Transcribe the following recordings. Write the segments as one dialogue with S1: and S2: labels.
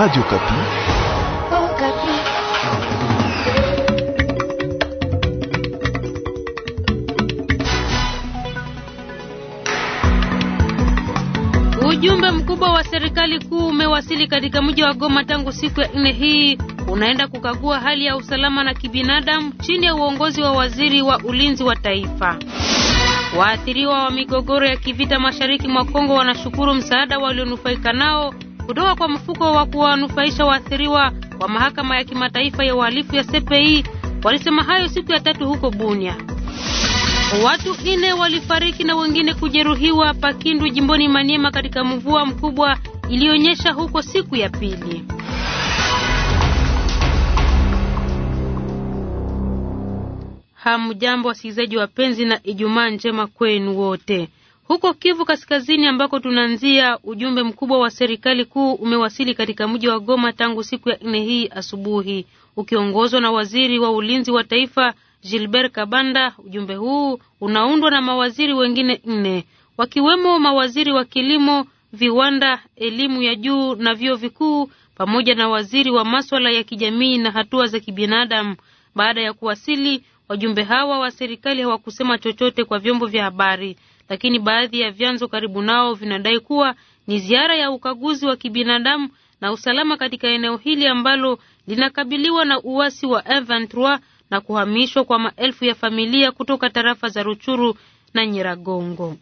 S1: Radio Kapi.
S2: Oh, Kapi.
S3: Ujumbe mkubwa wa serikali kuu umewasili katika mji wa Goma tangu siku ya nne hii, unaenda kukagua hali ya usalama na kibinadamu chini ya uongozi wa waziri wa ulinzi wa taifa. Waathiriwa wa migogoro ya kivita mashariki mwa Kongo wanashukuru msaada walionufaika nao kutoka kwa mfuko wa kuwanufaisha waathiriwa wa mahakama ya kimataifa ya uhalifu ya CPI. Walisema hayo siku ya tatu huko Bunia. Watu nne walifariki na wengine kujeruhiwa Pakindu jimboni Maniema katika mvua mkubwa iliyonyesha huko siku ya pili. Hamjambo wasikilizaji wapenzi, na Ijumaa njema kwenu wote. Huko Kivu Kaskazini ambako tunaanzia, ujumbe mkubwa wa serikali kuu umewasili katika mji wa Goma tangu siku ya nne hii asubuhi ukiongozwa na waziri wa ulinzi wa taifa Gilbert Kabanda. Ujumbe huu unaundwa na mawaziri wengine nne wakiwemo mawaziri wa kilimo, viwanda, elimu ya juu na vyuo vikuu pamoja na waziri wa maswala ya kijamii na hatua za kibinadamu. Baada ya kuwasili, wajumbe hawa wa serikali hawakusema chochote kwa vyombo vya habari lakini baadhi ya vyanzo karibu nao vinadai kuwa ni ziara ya ukaguzi wa kibinadamu na usalama katika eneo hili ambalo linakabiliwa na uasi wa M23 na kuhamishwa kwa maelfu ya familia kutoka tarafa za Ruchuru na Nyiragongo.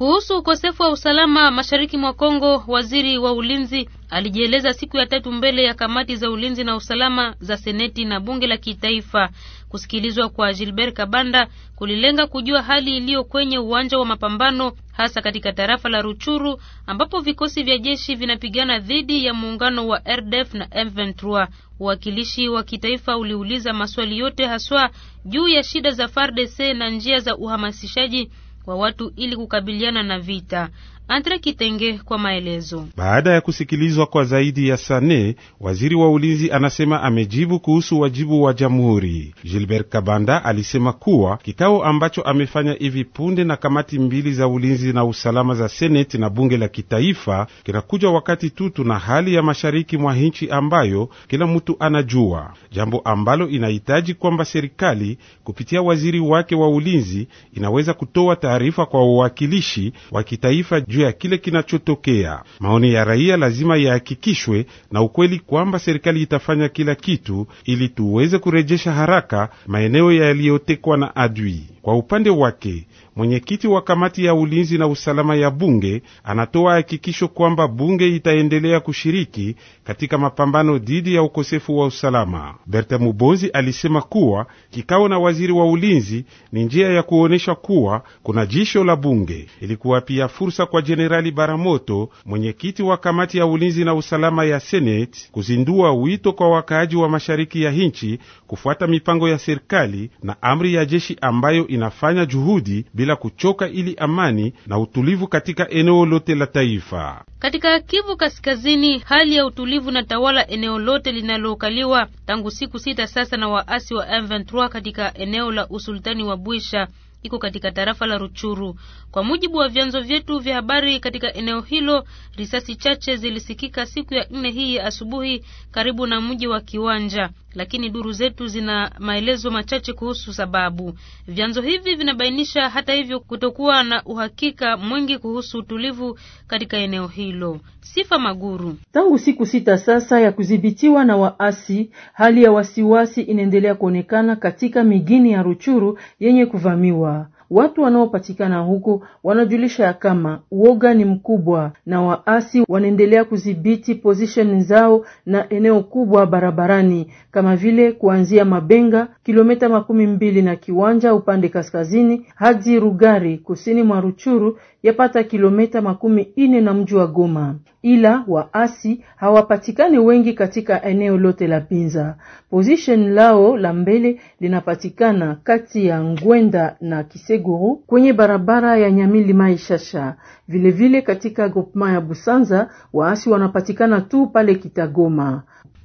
S3: Kuhusu ukosefu wa usalama mashariki mwa Kongo, waziri wa ulinzi alijieleza siku ya tatu mbele ya kamati za ulinzi na usalama za seneti na bunge la kitaifa. Kusikilizwa kwa Gilbert Kabanda kulilenga kujua hali iliyo kwenye uwanja wa mapambano, hasa katika tarafa la Ruchuru ambapo vikosi vya jeshi vinapigana dhidi ya muungano wa RDF na M23. Uwakilishi wa kitaifa uliuliza maswali yote haswa juu ya shida za FARDC na njia za uhamasishaji wa watu ili kukabiliana na vita. Andre Kitenge kwa maelezo.
S1: Baada ya kusikilizwa kwa zaidi ya sane, waziri wa ulinzi anasema amejibu kuhusu wajibu wa jamhuri. Gilbert Kabanda alisema kuwa kikao ambacho amefanya hivi punde na kamati mbili za ulinzi na usalama za seneti na bunge la kitaifa kinakuja wakati tu tuna hali ya mashariki mwa nchi ambayo kila mtu anajua, jambo ambalo inahitaji kwamba serikali kupitia waziri wake wa ulinzi inaweza kutoa taarifa kwa uwakilishi wa kitaifa juu juu ya kile kinachotokea. Maoni ya raia lazima yahakikishwe na ukweli kwamba serikali itafanya kila kitu ili tuweze kurejesha haraka maeneo yaliyotekwa na adui. Kwa upande wake Mwenyekiti wa kamati ya ulinzi na usalama ya bunge anatoa hakikisho kwamba bunge itaendelea kushiriki katika mapambano dhidi ya ukosefu wa usalama. Berta Mubozi alisema kuwa kikao na waziri wa ulinzi ni njia ya kuonyesha kuwa kuna jisho la bunge. Ilikuwa pia fursa kwa Jenerali Baramoto, mwenyekiti wa kamati ya ulinzi na usalama ya Seneti, kuzindua wito kwa wakaaji wa mashariki ya nchi kufuata mipango ya serikali na amri ya jeshi ambayo inafanya juhudi bila bila kuchoka, ili amani na utulivu katika eneo lote la taifa.
S3: Katika Kivu Kaskazini, hali ya utulivu na tawala eneo lote linalokaliwa tangu siku sita sasa na waasi wa M23 katika eneo la usultani wa Bwisha iko katika tarafa la Ruchuru. Kwa mujibu wa vyanzo vyetu vya habari katika eneo hilo, risasi chache zilisikika siku ya nne hii asubuhi karibu na mji wa Kiwanja lakini duru zetu zina maelezo machache kuhusu sababu. Vyanzo hivi vinabainisha hata hivyo kutokuwa na uhakika mwingi kuhusu utulivu katika eneo hilo. Sifa Maguru.
S4: Tangu siku sita sasa ya kudhibitiwa na waasi, hali ya wasiwasi inaendelea kuonekana katika migini ya Ruchuru yenye kuvamiwa. Watu wanaopatikana huko wanajulisha ya kama uoga ni mkubwa na waasi wanaendelea kudhibiti position zao na eneo kubwa barabarani kama vile kuanzia Mabenga kilomita makumi mbili na Kiwanja upande kaskazini hadi Rugari kusini mwa Ruchuru yapata kilomita makumi ine na mji wa Goma ila waasi hawapatikani wengi katika eneo lote la Pinza. Position lao la mbele linapatikana kati ya Ngwenda na Kiseguru kwenye barabara ya Nyamili Mai Shasha. Vilevile vile katika groupement ya Busanza waasi wanapatikana tu pale Kitagoma.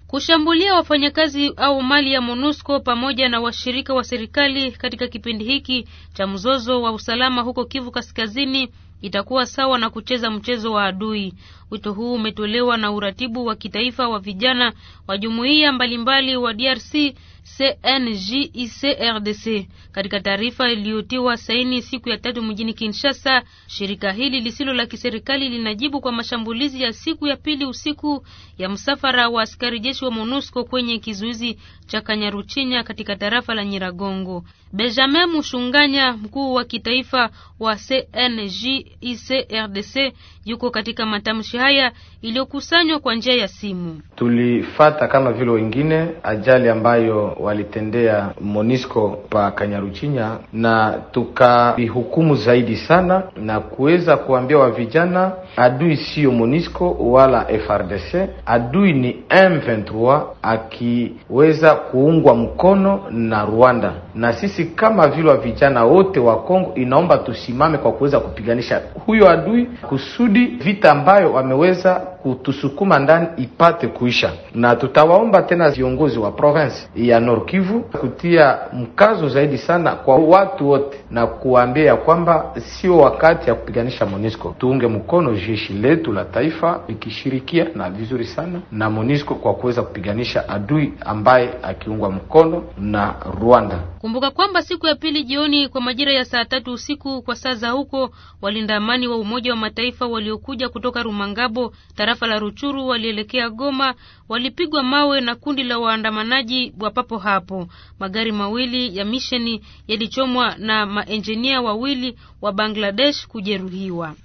S3: Kushambulia wafanyakazi au mali ya MONUSCO pamoja na washirika wa serikali katika kipindi hiki cha mzozo wa usalama huko Kivu Kaskazini itakuwa sawa na kucheza mchezo wa adui. Wito huu umetolewa na uratibu wa kitaifa wa vijana wa jumuiya mbalimbali wa DRC CNJICRDC. Katika taarifa iliyotiwa saini siku ya tatu mjini Kinshasa, shirika hili lisilo la kiserikali linajibu kwa mashambulizi ya siku ya pili usiku ya msafara wa askari jeshi wa MONUSCO kwenye kizuizi cha Kanyaruchinya katika tarafa la Nyiragongo. Benjamin Mushunganya, mkuu wa kitaifa wa CNJICRDC, yuko katika matamshi haya iliyokusanywa kwa njia ya simu.
S2: Tulifata kama vile wengine ajali ambayo walitendea Monisco pa Kanyaruchinya, na tukavihukumu zaidi sana na kuweza kuambia wa vijana, adui siyo Monisco wala FRDC, adui ni M23 akiweza kuungwa mkono na Rwanda na sisi kama vile wa vijana wote wa Kongo inaomba tusimame kwa kuweza kupiganisha huyo adui kusudi vita ambayo wameweza kutusukuma ndani ipate kuisha, na tutawaomba tena viongozi wa province ya Nord Kivu kutia mkazo zaidi sana kwa watu wote na kuambia kwamba sio wakati ya kupiganisha MONUSCO. Tuunge mkono jeshi letu la taifa likishirikia na vizuri sana na MONUSCO kwa kuweza kupiganisha adui ambaye akiungwa mkono na Rwanda.
S3: Kumbuka kwamba siku ya pili jioni kwa majira ya saa tatu usiku kwa saa za huko, walinda amani wa Umoja wa Mataifa waliokuja kutoka Rumangabo, tarafa la Ruchuru, walielekea Goma, walipigwa mawe na kundi la waandamanaji wa papo hapo. Magari mawili ya misheni yalichomwa na ma maenjinia wawili wa Bangladesh kujeruhiwa.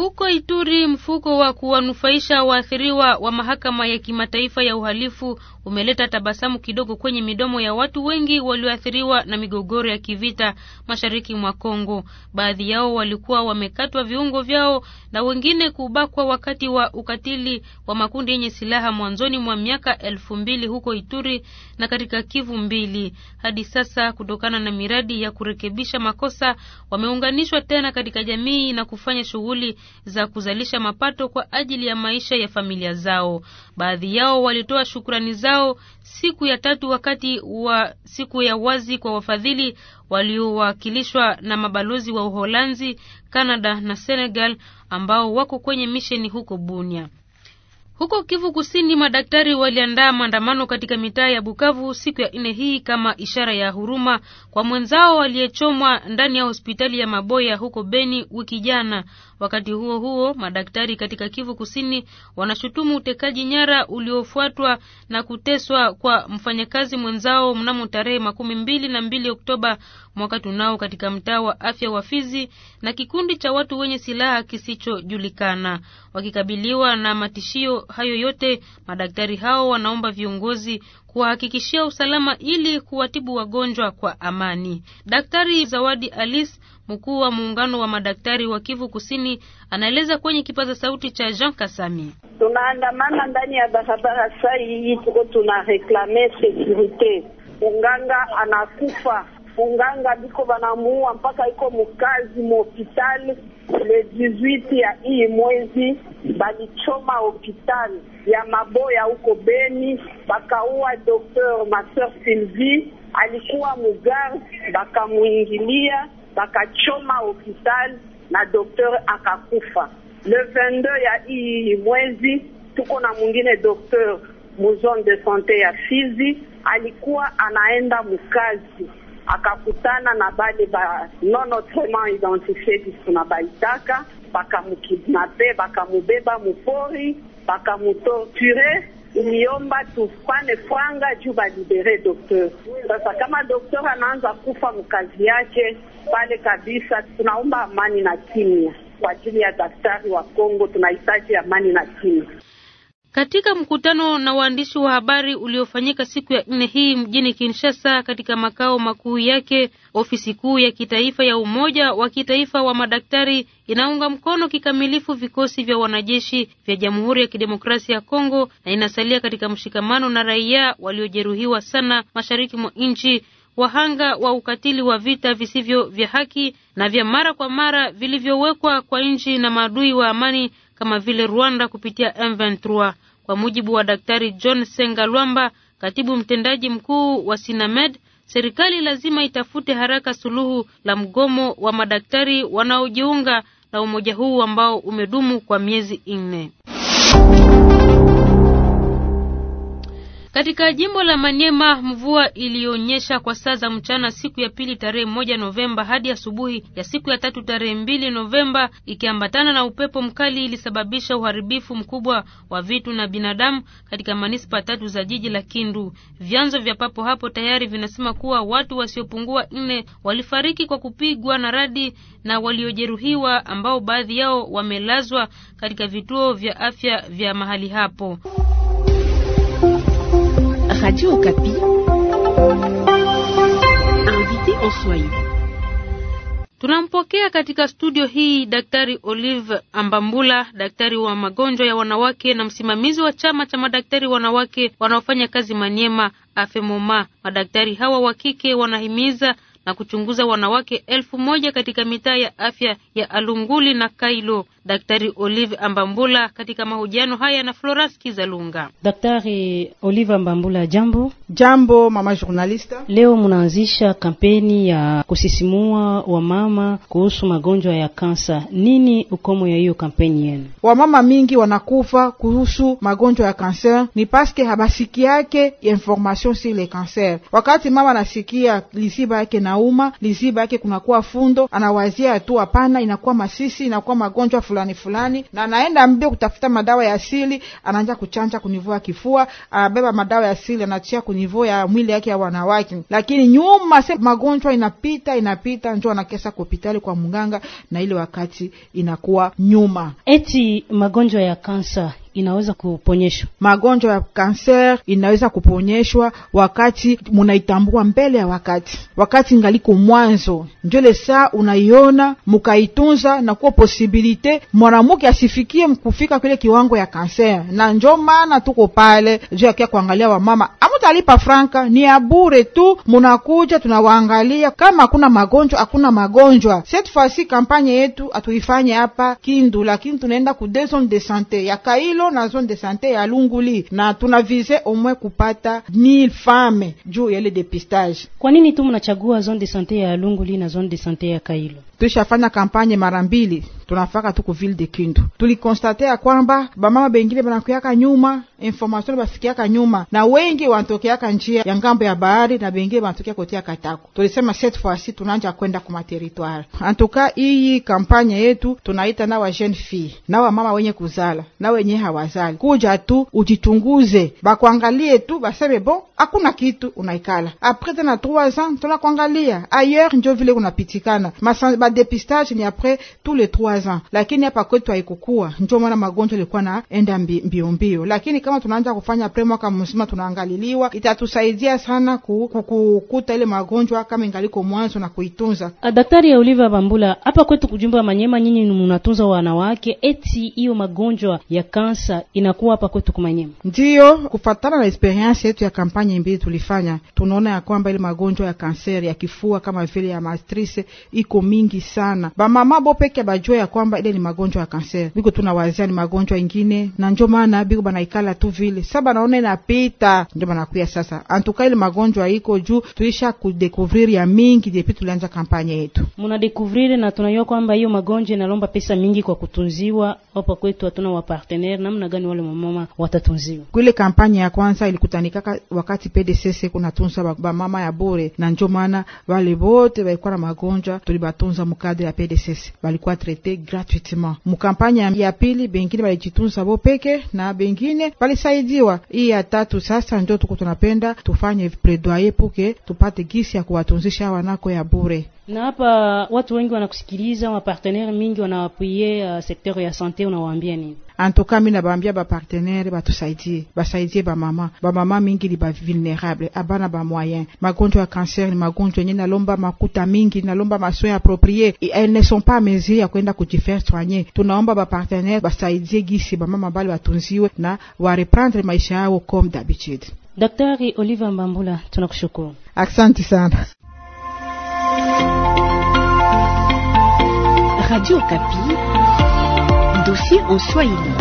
S3: Huko Ituri, mfuko wa kuwanufaisha waathiriwa wa mahakama ya kimataifa ya uhalifu umeleta tabasamu kidogo kwenye midomo ya watu wengi walioathiriwa na migogoro ya kivita mashariki mwa Kongo. Baadhi yao walikuwa wamekatwa viungo vyao na wengine kubakwa wakati wa ukatili wa makundi yenye silaha mwanzoni mwa miaka elfu mbili huko Ituri na katika Kivu mbili. Hadi sasa, kutokana na miradi ya kurekebisha makosa, wameunganishwa tena katika jamii na kufanya shughuli za kuzalisha mapato kwa ajili ya maisha ya familia zao. Baadhi yao walitoa shukrani zao siku ya tatu wakati wa siku ya wazi kwa wafadhili waliowakilishwa na mabalozi wa Uholanzi, Kanada na Senegal ambao wako kwenye misheni huko Bunia. Huko Kivu Kusini, madaktari waliandaa maandamano katika mitaa ya Bukavu siku ya nne hii kama ishara ya huruma kwa mwenzao aliyechomwa ndani ya hospitali ya Maboya huko Beni wiki jana. Wakati huo huo, madaktari katika Kivu Kusini wanashutumu utekaji nyara uliofuatwa na kuteswa kwa mfanyakazi mwenzao mnamo tarehe makumi mbili na mbili Oktoba mwaka tunao katika mtaa wa afya wa Fizi na kikundi cha watu wenye silaha kisichojulikana. Wakikabiliwa na matishio hayo yote, madaktari hao wanaomba viongozi kuwahakikishia usalama ili kuwatibu wagonjwa kwa amani. Daktari Zawadi Alis mkuu wa muungano wa madaktari wa Kivu Kusini, anaeleza kwenye kipaza sauti cha Jean Kasami.
S5: Tunaandamana ndani ya barabara sai hii, tuko tuna reklame sekurite. Munganga anakufa, munganga biko banamuua mpaka iko mkazi muhopitali le 18 ya hii mwezi balichoma hopitali ya Maboya huko Beni, bakaua Docteur Master Sylvie, alikuwa mugar, bakamwingilia bakachoma hopital na dokteur akakufa. Le 22 ya hii mwezi tuko na mwingine dokteur muzone de sante ya Fizi alikuwa anaenda mukazi akakutana na bale ba non autrement identifie kisuna baitaka, bakamukidnape, bakamubeba mupori, bakamutorture kumiomba tufane franga juu balibere dokteur. Sasa kama dokteur anaanza kufa mkazi yake pale kabisa, tunaomba amani na kimya kwa ajili ya daktari wa Kongo, tunahitaji amani na kimya.
S3: Katika mkutano na waandishi wa habari uliofanyika siku ya nne hii mjini Kinshasa katika makao makuu yake, ofisi kuu ya kitaifa ya Umoja wa Kitaifa wa Madaktari inaunga mkono kikamilifu vikosi vya wanajeshi vya Jamhuri ya Kidemokrasia ya Kongo na inasalia katika mshikamano na raia waliojeruhiwa sana mashariki mwa nchi wahanga wa ukatili wa vita visivyo vya haki na vya mara kwa mara vilivyowekwa kwa nchi na maadui wa amani kama vile Rwanda kupitia M23. Kwa mujibu wa Daktari John Senga Lwamba, katibu mtendaji mkuu wa Sinamed, serikali lazima itafute haraka suluhu la mgomo wa madaktari wanaojiunga na umoja huu ambao umedumu kwa miezi nne. Katika jimbo la manyema mvua iliyonyesha kwa saa za mchana siku ya pili tarehe moja Novemba hadi asubuhi ya siku ya tatu tarehe mbili Novemba ikiambatana na upepo mkali ilisababisha uharibifu mkubwa wa vitu na binadamu katika manispa tatu za jiji la Kindu. Vyanzo vya papo hapo tayari vinasema kuwa watu wasiopungua nne walifariki kwa kupigwa na radi na waliojeruhiwa ambao baadhi yao wamelazwa katika vituo vya afya vya mahali hapo.
S6: Radio Okapi. Invité en
S3: Tunampokea katika studio hii Daktari Olive Ambambula, daktari wa magonjwa ya wanawake na msimamizi wa chama cha madaktari wanawake wanaofanya kazi Maniema Afemoma. Madaktari hawa wa kike wanahimiza na kuchunguza wanawake elfu moja katika mitaa ya afya ya Alunguli na Kailo. Daktari Olive Ambambula katika mahojiano haya na Florence Kizalunga.
S6: Daktari Olive Ambambula, jambo. Jambo mama journalista. Leo mnaanzisha kampeni ya kusisimua wamama kuhusu magonjwa ya kansa. Nini ukomo ya hiyo kampeni yenu?
S4: Wamama mingi wanakufa kuhusu magonjwa ya kanser ni paske habasiki yake information sur le cancer. Wakati mama anasikia liziba yake nauma, liziba yake kunakuwa fundo, anawazia tu hapana, inakuwa masisi, inakuwa magonjwa fulani fulani fulani, na anaenda mbio kutafuta madawa ya asili, anaanza kuchanja kunivua kifua, anabeba madawa ya asili anachia kunivua ya mwili yake ya wanawake. Lakini nyuma se magonjwa inapita inapita, njo anakesa kuhopitali kwa mganga, na ile wakati inakuwa nyuma. Eti magonjwa ya kansa inaweza kuponyeshwa. Magonjwa ya kanser inaweza kuponyeshwa wakati munaitambua mbele ya wakati, wakati ngaliko mwanzo, njole saa unaiona mukaitunza, na kuwa posibilite mwanamuke asifikie mkufika kile kiwango ya kanser. Na njo maana tuko pale juu akia kuangalia wamama, amutalipa franka, ni ya bure tu, munakuja tunawaangalia, kama hakuna magonjwa hakuna magonjwa. Cette fois ci kampanye yetu hatuifanye hapa Kindu, lakini tunaenda ku zone de sante ya Kailo hilo na zone de sante ya Lunguli, na tunavize omwe kupata mil fame juu ya ile depistage. Kwa nini tu mnachagua zone de sante ya Lunguli na zone de sante ya Kailo? Tushafanya kampanye mara mbili tunafaka tuku kuvile de Kindu. Tulikonstate ya kwamba bamama bengine banakuyaka nyuma information basikiaka nyuma, na wengi wanatokeaka njia ya ngambo ya bahari na bengine banatokea kotia Katako. Tulisema cette fois-ci tunanja kwenda kuma territoire antuka. Iyi kampanye yetu tunaita na wa jeune fille na wa mama wenye kuzala na wenye hawazali kuja tu ujitunguze, bakuangalie tu baseme bon, hakuna kitu unaikala apres tena 3 ans tunakuangalia ailleurs, njo vile kunapitikana ma depistage ni apres tous les 3 voisin, lakini hapa kwetu haikukua, ndio maana magonjwa ilikuwa naenda mbio mbio. Lakini kama tunaanza kufanya pre mwaka mzima tunaangaliliwa, itatusaidia sana kukukuta ile magonjwa kama ingaliko mwanzo na kuitunza.
S6: Ah, daktari ya Oliva Bambula, hapa kwetu kujumba wa Manyema, nyinyi mnatunza wanawake, eti hiyo magonjwa ya kansa inakuwa hapa kwetu kumanyema?
S4: Ndiyo, kufatana na experience yetu ya kampanye mbili tulifanya, tunaona ya kwamba ile magonjwa ya kanseri ya kifua kama vile ya mastrice iko mingi sana, bamama bo peke bajua ya kwamba ile ni magonjwa ya kanser, biko tunawazia ni magonjwa ingine, na njo maana biko banaikala tu vile saba, naona inapita, njo banakuya sasa. Antuka ile magonjwa iko juu, tuisha kudecouvrir ya mingi depuis tulianza kampanya yetu,
S6: munadecouvrir na tunajua kwamba hiyo magonjwa inalomba pesa mingi kwa kutunziwa. Hapa kwetu hatuna wapartenere, namna gani wale mamama
S4: watatunziwa? Kwile kampanya ya kwanza ilikutanikaka wakati PDCC kunatunza bamama ya bure, na njo maana wale wote walikuwa na magonjwa tulibatunza mukadri ya PDCC, walikuwa trete gratuitement. Mukampanya ya pili bengine balijitunza bo peke na bengine balisaidiwa. Hii ya tatu sasa ndio tuko tunapenda tufanye plaidoyer puke tupate gisi ya kuwatunzisha wanako ya bure.
S6: na hapa watu wengi wanakusikiliza, mapartenere mingi wanawapwie uh, sekteur ya sante, unawaambia nini?
S4: Antuka mi nabaambia bapartenere batusaidie, basaidie bamama. Bamama mingi ni bavulnerable, abana bamoyen. Magonjwa ya kanser ni magonjwa yenye nalomba makuta mingi, nalomba masoin aproprie, elles ne sont pas mesure ya kwenda kujifaire soigner. Tunaomba bapartenere basaidie gisi bamama bali batunziwe na wareprendre maisha yao comme d'habitude.
S6: Daktari Oliver Mbambula, tunakushukuru,
S4: asante sana. Radio Okapi, dossier en Swahili.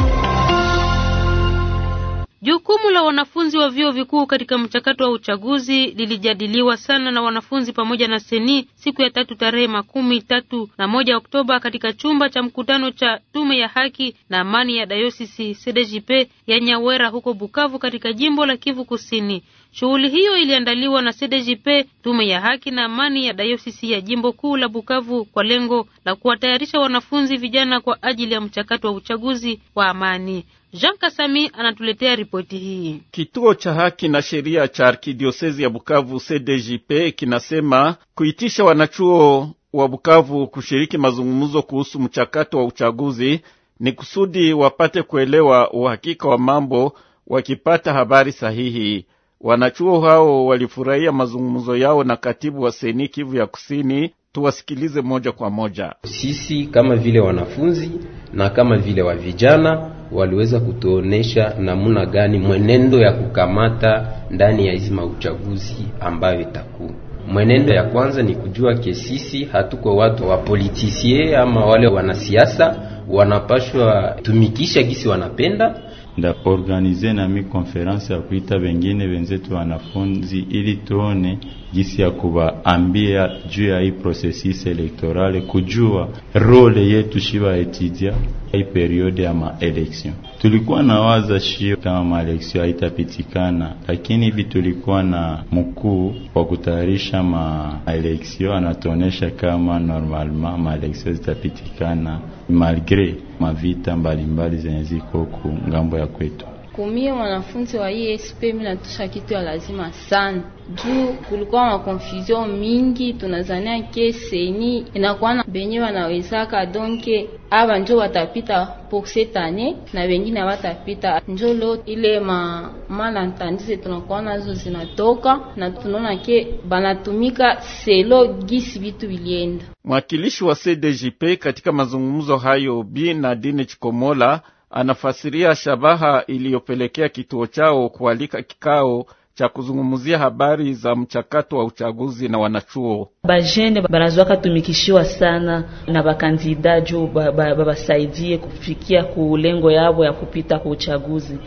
S3: Jukumu la wanafunzi wa vyuo vikuu katika mchakato wa uchaguzi lilijadiliwa sana na wanafunzi pamoja na seni siku ya tatu tarehe makumi tatu na moja Oktoba katika chumba cha mkutano cha tume ya haki na amani ya dayosisi CDJP ya Nyawera huko Bukavu katika jimbo la Kivu Kusini. Shughuli hiyo iliandaliwa na CDJP, tume ya haki na amani ya dayosisi ya jimbo kuu la Bukavu, kwa lengo la kuwatayarisha wanafunzi vijana kwa ajili ya mchakato wa uchaguzi wa amani. Jean Kasami anatuletea ripoti hii.
S2: Kituo cha haki na sheria cha arkidiosezi ya Bukavu CDJP kinasema kuitisha wanachuo wa Bukavu kushiriki mazungumzo kuhusu mchakato wa uchaguzi ni kusudi wapate kuelewa uhakika wa mambo wakipata habari sahihi. Wanachuo hao walifurahia mazungumzo yao na katibu wa seni Kivu ya Kusini. Tuwasikilize moja kwa moja. Sisi kama vile wanafunzi na kama vile wa vijana waliweza kutuonesha namuna gani mwenendo ya kukamata ndani ya hizi mauchaguzi ambayo itakuwa mwenendo ya kwanza ni kujua ke sisi hatuko watu wa politisie ama wale wanasiasa wanapashwa tumikisha gisi wanapenda ndapoorganize nami konferansi ya kuita bengine wenzetu wanafunzi ili tuone jinsi ya kuwaambia juu ya hii processus elektorale, kujua role yetu shiba etidia hii periode ya maeleksio. Tulikuwa na waza shio kama maeleksio haitapitikana, lakini hivi tulikuwa na mkuu wa kutayarisha maeleksio anatuonesha kama normalement maeleksio zitapitikana malgre mavita mbalimbali zenye ziko ku ngambo ya kwetu
S3: kumie mwanafunzi wa ESP mimi natusha kitu ya lazima sana, juu kulikuwa na confusion mingi, tunazania ke seni inakuwa na benye wanawezaka donke aba njo
S6: watapita pour cette année na wengine watapita njo lo ile ma
S3: malentendise tunakuwa nazo zinatoka na tunaona ke banatumika selo gisi vitu bilienda.
S2: Mwakilishi wa CDJP katika mazungumzo hayo Bi Nadine Chikomola anafasiria shabaha iliyopelekea kituo chao kualika kikao cha kuzungumzia habari za mchakato wa uchaguzi na wanachuo
S6: bajene banazwaka tumikishiwa sana na bakandida juu babasaidie ba, ba, kufikia kulengo yabo ya kupita ku uchaguzi,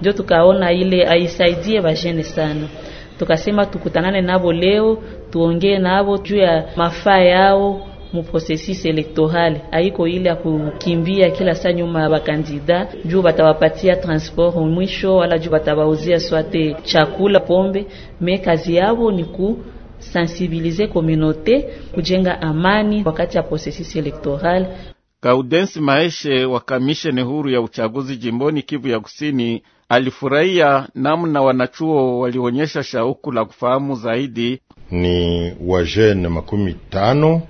S6: ndio tukaona ile aisaidie bajene sana. Tukasema tukutanane nabo leo tuongee nabo juu ya mafaa yao mu processus elektorale, haiko ile ya kukimbia kila saa nyuma ya bakandida juu batawapatia transport mwisho wala juu batabauzia swate chakula, pombe. Me kazi yabo ni ku sensibiliser communauté kujenga amani wakati ya processus elektorale.
S2: Gaudens Maeshe wa kamisheni huru ya uchaguzi jimboni Kivu ya Kusini alifurahia namna wanachuo walionyesha shauku la kufahamu zaidi. Ni wajene
S1: makumi tano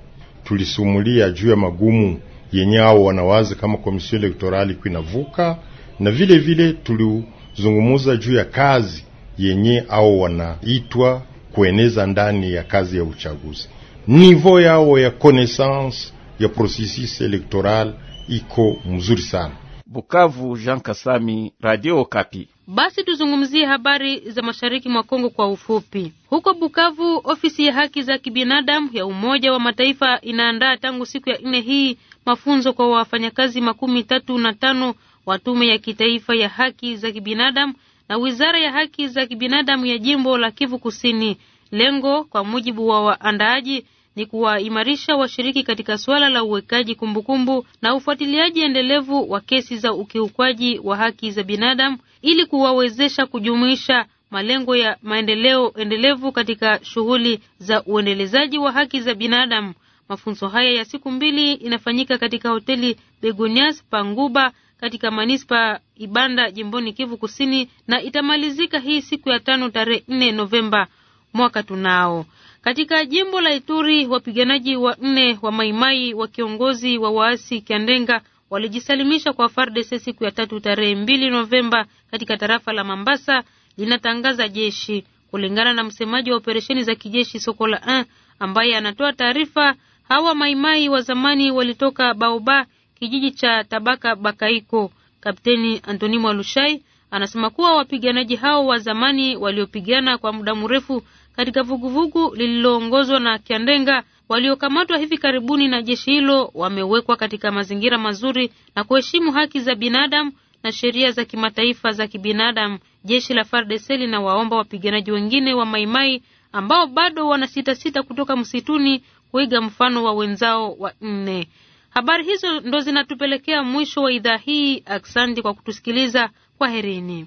S1: tulisumulia juu ya magumu yenye hao wanawazi kama komisio elektorali kuinavuka, na vile vile tulizungumuza juu ya kazi yenye hao wanaitwa kueneza ndani ya kazi ya uchaguzi.
S2: Nivo yao ya connaissance ya processus electoral iko mzuri sana. Bukavu, Jean Kasami, Radio Kapi.
S3: Basi tuzungumzie habari za mashariki mwa Kongo kwa ufupi. Huko Bukavu, ofisi ya haki za kibinadamu ya Umoja wa Mataifa inaandaa tangu siku ya nne hii mafunzo kwa wafanyakazi makumi tatu na tano wa tume ya kitaifa ya haki za kibinadamu na wizara ya haki za kibinadamu ya jimbo la Kivu Kusini. Lengo kwa mujibu wa waandaaji ni kuwaimarisha washiriki katika suala la uwekaji kumbukumbu na ufuatiliaji endelevu wa kesi za ukiukwaji wa haki za binadamu ili kuwawezesha kujumuisha malengo ya maendeleo endelevu katika shughuli za uendelezaji wa haki za binadamu. Mafunzo haya ya siku mbili inafanyika katika hoteli Begonias Panguba katika manispa Ibanda jimboni Kivu Kusini na itamalizika hii siku ya tano tarehe 4 Novemba mwaka tunao. Katika jimbo la Ituri wapiganaji wanne wa Maimai wa kiongozi wa waasi Kiandenga walijisalimisha kwa FARDC e siku ya tatu tarehe mbili Novemba katika tarafa la Mambasa, linatangaza jeshi, kulingana na msemaji wa operesheni za kijeshi Sokola 1 ambaye anatoa taarifa. Hawa Maimai wa zamani walitoka Baoba, kijiji cha Tabaka Bakaiko. Kapteni Antoni Mwalushai anasema kuwa wapiganaji hao wa zamani waliopigana kwa muda mrefu katika vuguvugu lililoongozwa na Kiandenga waliokamatwa hivi karibuni na jeshi hilo wamewekwa katika mazingira mazuri na kuheshimu haki za binadamu na sheria za kimataifa za kibinadamu. Jeshi la FARDC e linawaomba wapiganaji wengine wa Maimai ambao bado wanasitasita kutoka msituni kuiga mfano wa wenzao wa nne. Habari hizo ndo zinatupelekea mwisho wa idhaa hii. aksandi kwa kutusikiliza. Kwaherini.